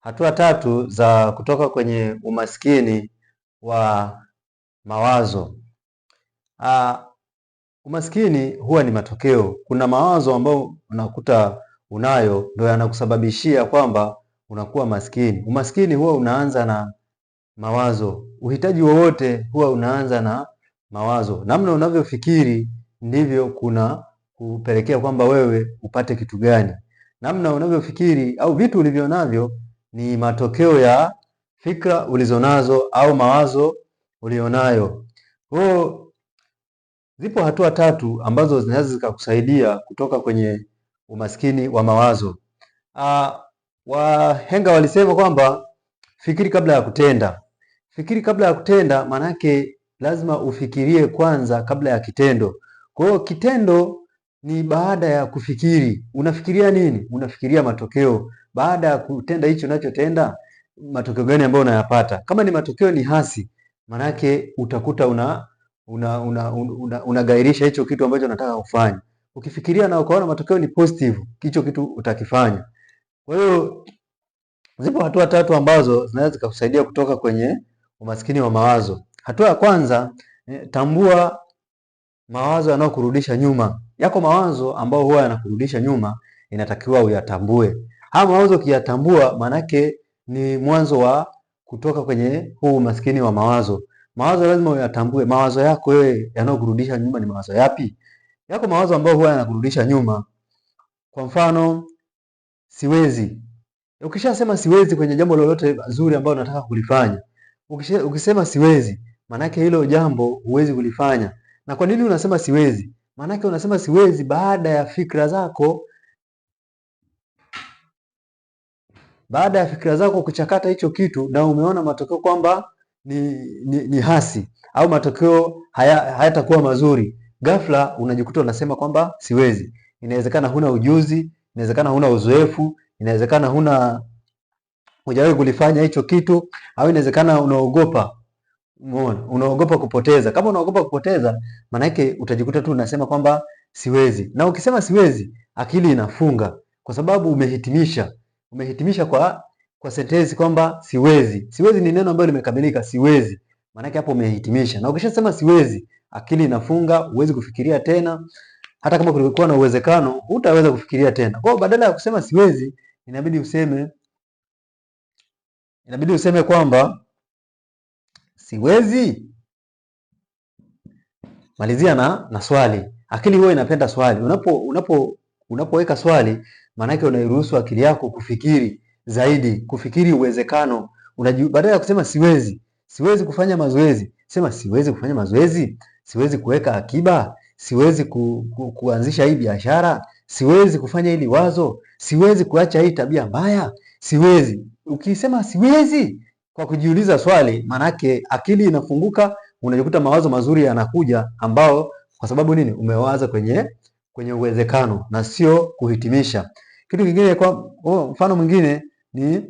Hatua tatu za kutoka kwenye umaskini wa mawazo. Uh, umaskini huwa ni matokeo. Kuna mawazo ambayo unakuta unayo ndio yanakusababishia kwamba unakuwa maskini. Umaskini huwa unaanza na mawazo. Uhitaji wowote huwa unaanza na mawazo. Namna unavyofikiri ndivyo kuna kupelekea kwamba wewe upate kitu gani. Namna unavyofikiri au vitu ulivyo navyo ni matokeo ya fikra ulizonazo au mawazo ulionayo. Huo zipo hatua tatu ambazo zinaweza zikakusaidia kutoka kwenye umaskini wa mawazo. Aa, ah, wahenga walisema kwamba fikiri kabla ya kutenda. Fikiri kabla ya kutenda, maanake lazima ufikirie kwanza kabla ya kitendo. Kwa hiyo kitendo ni baada ya kufikiri. Unafikiria nini? Unafikiria matokeo baada ya kutenda hicho unachotenda, matokeo gani ambayo unayapata? Kama ni matokeo ni hasi, manake utakuta una unagairisha una, una, una una hicho kitu ambacho unataka kufanya. Ukifikiria na ukaona matokeo ni positive, hicho kitu utakifanya. Kwa hiyo zipo hatua tatu ambazo zinaweza zikakusaidia kutoka kwenye umaskini wa mawazo. Hatua ya kwanza, eh, tambua mawazo yanayokurudisha nyuma. Yako mawazo ambayo huwa yanakurudisha nyuma, inatakiwa uyatambue. Haya mawazo ukiyatambua, manake ni mwanzo wa kutoka kwenye huu umaskini wa mawazo. Mawazo lazima uyatambue. Mawazo yako wewe yanayokurudisha nyuma ni mawazo yapi? Yako mawazo ambayo huwa yanakurudisha nyuma. Kwa mfano, siwezi. Ukishasema siwezi kwenye jambo lolote zuri ambalo unataka kulifanya, ukisema siwezi, manake hilo jambo huwezi kulifanya. Na kwa nini unasema siwezi? Manake unasema siwezi baada ya fikra zako baada ya fikra zako kuchakata hicho kitu na umeona matokeo kwamba ni, ni, ni hasi au matokeo hayatakuwa haya mazuri, ghafla unajikuta unasema kwamba siwezi. Inawezekana huna ujuzi, inawezekana huna uzoefu, inawezekana huna hujawahi kulifanya hicho kitu, au inawezekana unaogopa. Umeona, unaogopa kupoteza. Kama unaogopa kupoteza, maana yake utajikuta tu unasema kwamba siwezi, na ukisema siwezi, akili inafunga kwa sababu umehitimisha umehitimisha kwa kwa sentensi kwamba siwezi. Siwezi ni neno ambalo limekamilika, siwezi. Maana hapo umehitimisha. Na ukishasema siwezi, akili inafunga, huwezi kufikiria tena. Hata kama kulikuwa na uwezekano, hutaweza kufikiria tena. Kwa hiyo badala ya kusema siwezi, inabidi useme inabidi useme kwamba siwezi. Malizia na na swali. Akili huwa inapenda swali. Unapo unapo unapoweka swali maanake unairuhusu akili yako kufikiri zaidi, kufikiri uwezekano. Badala ya kusema siwezi, siwezi kufanya mazoezi, sema siwezi kufanya mazoezi, siwezi kuweka akiba, siwezi ku, ku, kuanzisha hii biashara, siwezi kufanya hili wazo, siwezi kuacha hii tabia mbaya, siwezi. Ukisema siwezi kwa kujiuliza swali, maanake akili inafunguka, unajikuta mawazo mazuri yanakuja, ambao kwa sababu nini? Umewaza kwenye kwenye uwezekano na sio kuhitimisha. Kitu kingine kwa oh, mfano mwingine ni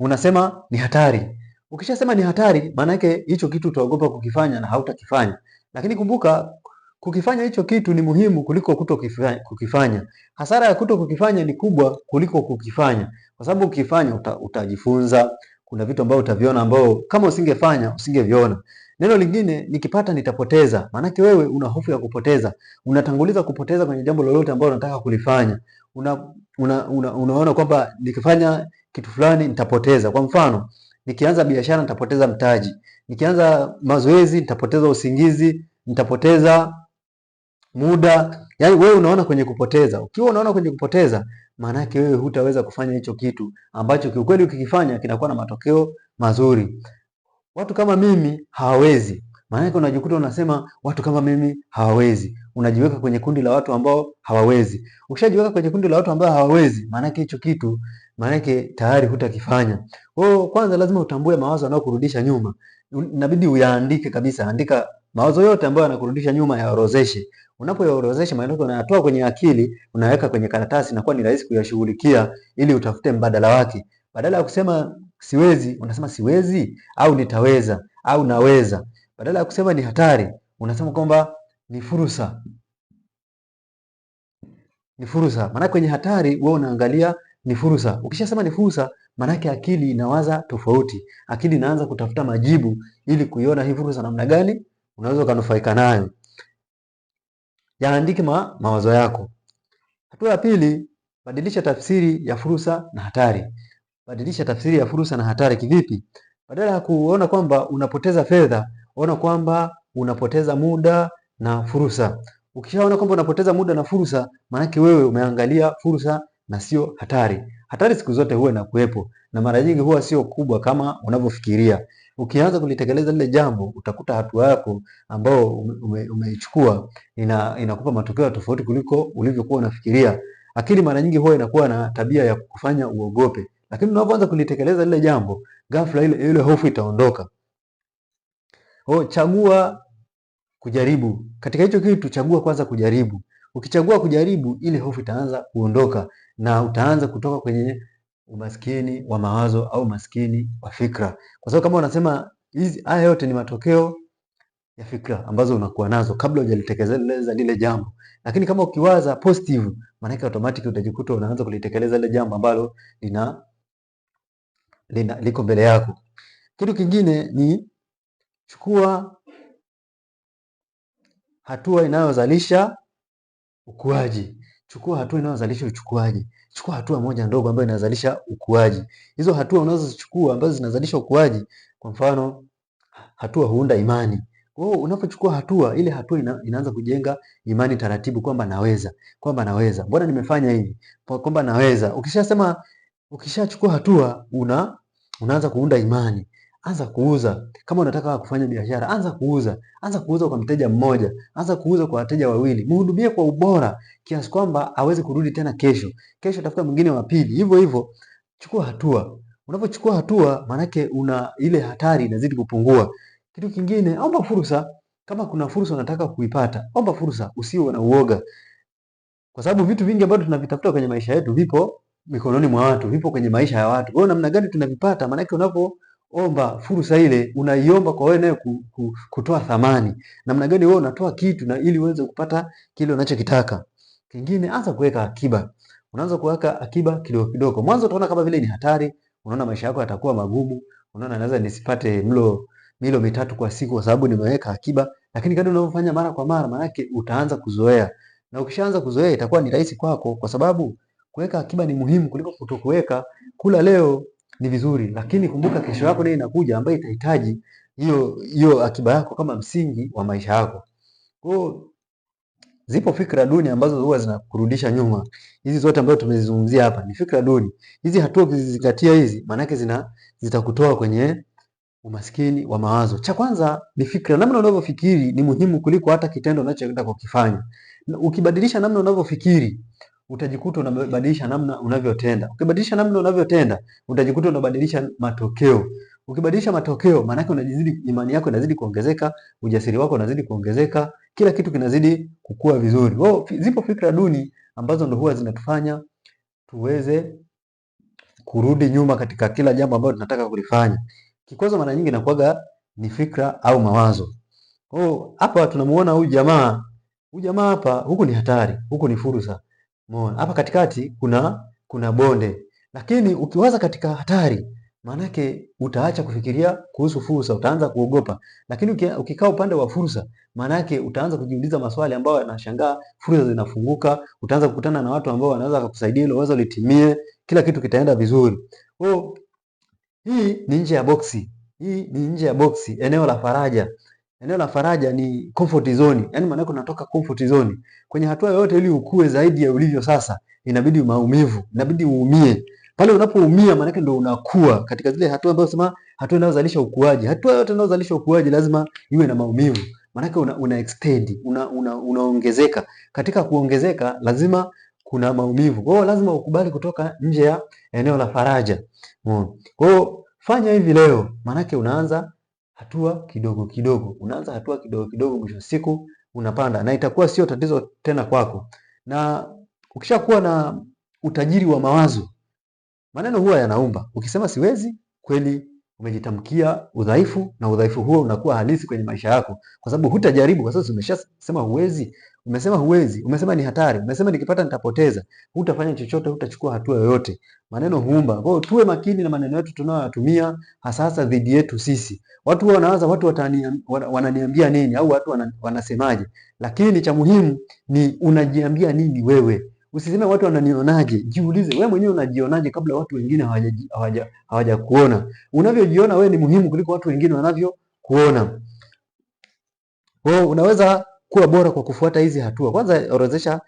unasema ni hatari. Ukishasema ni hatari, maana yake hicho kitu utaogopa kukifanya na hautakifanya. Lakini kumbuka kukifanya hicho kitu ni muhimu kuliko kuto kukifanya. Hasara ya kuto kukifanya ni kubwa kuliko kukifanya, kwa sababu ukifanya uta, utajifunza. Kuna vitu ambavyo utaviona ambao kama usingefanya usingeviona. Neno lingine nikipata nitapoteza, maanake wewe una hofu ya kupoteza, unatanguliza kupoteza kwenye jambo lolote ambalo unataka kulifanya una, una, una, unaona kwamba nikifanya kitu fulani nitapoteza. Kwa mfano, nikianza biashara nitapoteza mtaji, nikianza mazoezi nitapoteza usingizi, nitapoteza muda. Yani wewe unaona kwenye kupoteza. Ukiwa unaona kwenye kupoteza, maana yake wewe hutaweza kufanya hicho kitu ambacho kiukweli ukikifanya kinakuwa na matokeo mazuri. Watu kama mimi hawawezi Maanake unajikuta unasema watu kama mimi hawawezi, unajiweka kwenye kundi la watu ambao hawawezi. Ukishajiweka kwenye kundi la watu ambao hawawezi, maanake hicho kitu, maanake tayari hutakifanya. Kwa hiyo, kwanza lazima utambue mawazo yanayokurudisha nyuma, inabidi uyaandike kabisa. Andika mawazo yote ambayo yanakurudisha nyuma, yaorozeshe. Unapoyaorozesha maana unayatoa kwenye akili, unaweka kwenye karatasi, inakuwa ni rahisi kuyashughulikia, ili utafute mbadala wake. Badala ya kusema siwezi, unasema siwezi au nitaweza au naweza. Badala ya kusema ni hatari, unasema kwamba ni fursa. Ni fursa. Maana kwenye hatari wewe unaangalia ni fursa. Ukishasema ni fursa, maanake akili inawaza tofauti. Akili inaanza kutafuta majibu ili kuiona hii fursa namna gani unaweza ukanufaika nayo. Yaandike ma, mawazo yako. Hatua ya pili, badilisha tafsiri ya fursa na hatari. Badilisha tafsiri ya fursa na hatari kivipi? Badala ya kuona kwamba unapoteza fedha ona kwamba unapoteza muda na fursa. Ukishaona kwamba unapoteza muda na fursa, maanake wewe umeangalia fursa na sio hatari. Hatari siku zote huwa inakuwepo na mara nyingi huwa sio kubwa kama unavyofikiria. Ukianza kulitekeleza lile jambo, utakuta hatua yako ambayo umeichukua ume ina, inakupa matokeo tofauti kuliko ulivyokuwa unafikiria. Akili mara nyingi huwa inakuwa na tabia ya kufanya uogope, lakini unapoanza kulitekeleza lile jambo, ghafla ile ile hofu itaondoka. Oh, chagua kujaribu. Katika hicho kitu chagua kwanza kujaribu. Ukichagua kujaribu, ile hofu itaanza kuondoka na utaanza kutoka kwenye umaskini wa mawazo au umaskini wa fikra, kwa sababu kama unasema hizi haya yote ni matokeo ya fikra ambazo unakuwa nazo kabla hujalitekeleza lile jambo. Lakini kama ukiwaza positive, maana yake automatic utajikuta unaanza kulitekeleza lile jambo ambalo lina, lina liko mbele yako. Kitu kingine ni Chukua hatua inayozalisha ukuaji, chukua hatua inayozalisha uchukuaji, chukua hatua moja ndogo ambayo inazalisha ukuaji. Hizo hatua unazozichukua ambazo zinazalisha ukuaji, kwa mfano hatua huunda imani. Kwa hiyo unapochukua hatua, ile hatua ina, inaanza kujenga imani taratibu, kwamba naweza, kwamba naweza, mbona nimefanya hivi, kwamba naweza. Ukishasema, ukishachukua hatua una unaanza kuunda imani anza kuuza. Kama unataka kufanya biashara, anza kuuza. Anza kuuza kwa mteja mmoja, anza kuuza kwa wateja wawili, mhudumie kwa ubora kiasi kwamba aweze kurudi tena kesho. Kesho tafuta mwingine wa pili, hivyo hivyo. Chukua hatua. Unapochukua hatua, maanake una ile hatari inazidi kupungua. Kitu kingine, omba fursa. Kama kuna fursa unataka kuipata, omba fursa, usiwe na uoga, kwa sababu vitu vingi ambavyo tunavitafuta kwenye maisha yetu vipo mikononi mwa watu, vipo kwenye maisha ya watu. Wewe namna gani tunavipata? Maanake unapo omba fursa ile unaiomba kwa wewe naye ku, ku, kutoa thamani namna gani wewe unatoa kitu na ili uweze kupata kile unachokitaka. Kingine, anza kuweka akiba. Unaanza kuweka akiba kidogo kidogo. Mwanzo utaona kama vile ni hatari, unaona maisha yako yatakuwa magumu, unaona naweza nisipate mlo milo mitatu kwa siku kwa sababu nimeweka akiba, lakini kadri unavyofanya mara kwa mara, maanake utaanza kuzoea, na ukishaanza kuzoea itakuwa ni rahisi kwako, kwa sababu kuweka akiba ni muhimu kuliko kutokuweka. Kula leo ni vizuri, lakini kumbuka kesho yako nayo inakuja, ambayo itahitaji hiyo hiyo akiba yako kama msingi wa maisha yako. Kwa hiyo zipo fikra duni ambazo huwa zinakurudisha nyuma. Hizi zote ambazo tumezizungumzia hapa ni fikra duni. Hizi hatua ukizizingatia hizi, maana yake zina zitakutoa kwenye umaskini wa mawazo. Cha kwanza ni fikra. Namna unavyofikiri ni muhimu kuliko hata kitendo unachoenda kukifanya. Ukibadilisha namna unavyofikiri utajikuta unabadilisha namna unavyotenda. Ukibadilisha namna unavyotenda, utajikuta unabadilisha matokeo. Ukibadilisha matokeo, maana yake unajizidi, imani yako inazidi kuongezeka, ujasiri wako unazidi kuongezeka, kila kitu kinazidi kukua vizuri. Oh, zipo fikra duni ambazo ndo huwa zinatufanya tuweze kurudi nyuma katika kila jambo ambalo tunataka kulifanya. Kikwazo mara nyingi inakuwaga ni fikra au mawazo. Oh, hapa tunamuona huyu jamaa. Huyu jamaa hapa, huku ni hatari, huku ni fursa. Umeona? Hapa katikati kuna kuna bonde. Lakini ukiwaza katika hatari, maanake utaacha kufikiria kuhusu fursa, utaanza kuogopa. Lakini ukikaa upande wa fursa, maanake utaanza kujiuliza maswali ambayo yanashangaa, fursa zinafunguka, utaanza kukutana na watu ambao wanaweza kukusaidia ili wazo litimie, kila kitu kitaenda vizuri. Kwa oh, hii ni nje ya boksi. Hii ni nje ya boksi, eneo la faraja. Eneo la faraja ni comfort zone, yani maana yake unatoka comfort zone kwenye hatua yoyote, ili ukue zaidi ya ulivyo sasa, inabidi maumivu, inabidi uumie. Pale unapoumia, maana yake ndio unakua katika zile hatua ambazo sema hatua inayozalisha ukuaji. Hatua yote inayozalisha ukuaji lazima iwe na maumivu, maana yake una, una extend una, una, unaongezeka. Katika kuongezeka lazima kuna maumivu, kwa hiyo lazima ukubali kutoka nje ya eneo la faraja. Kwa hiyo fanya hivi leo, maana yake unaanza hatua kidogo kidogo. Unaanza hatua kidogo kidogo, mwisho siku unapanda na itakuwa sio tatizo tena kwako. Na ukishakuwa na utajiri wa mawazo, maneno huwa yanaumba. Ukisema siwezi, kweli umejitamkia udhaifu na udhaifu huo unakuwa halisi kwenye maisha yako, kwa sababu hutajaribu, kwa sababu umeshasema huwezi. Umesema huwezi, umesema ni hatari, umesema nikipata nitapoteza. Hutafanya chochote, hutachukua hatua yoyote. Maneno huumba. Kwa hiyo tuwe makini na maneno yetu tunayoyatumia, hasa hasa dhidi yetu sisi. Watu wanawaza watu wananiambia nini au watu wanasemaje, lakini cha muhimu ni unajiambia nini wewe. Usiseme watu wananionaje, jiulize wewe mwenyewe unajionaje kabla watu wengine hawajakuona hawaja, hawaja. Unavyojiona wewe ni muhimu kuliko watu wengine wanavyokuona. Wewe unaweza kuwa bora kwa kufuata hizi hatua. Kwanza orodhesha,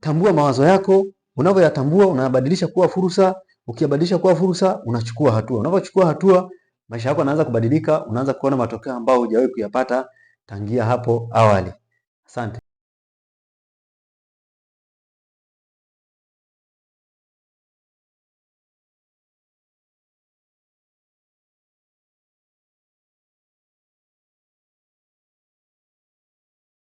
tambua mawazo yako. Unavyoyatambua unabadilisha kuwa fursa. Ukiyabadilisha kuwa fursa, unachukua hatua. Unapochukua hatua, maisha yako yanaanza kubadilika, unaanza kuona matokeo ambayo hujawahi kuyapata tangia hapo awali. Asante.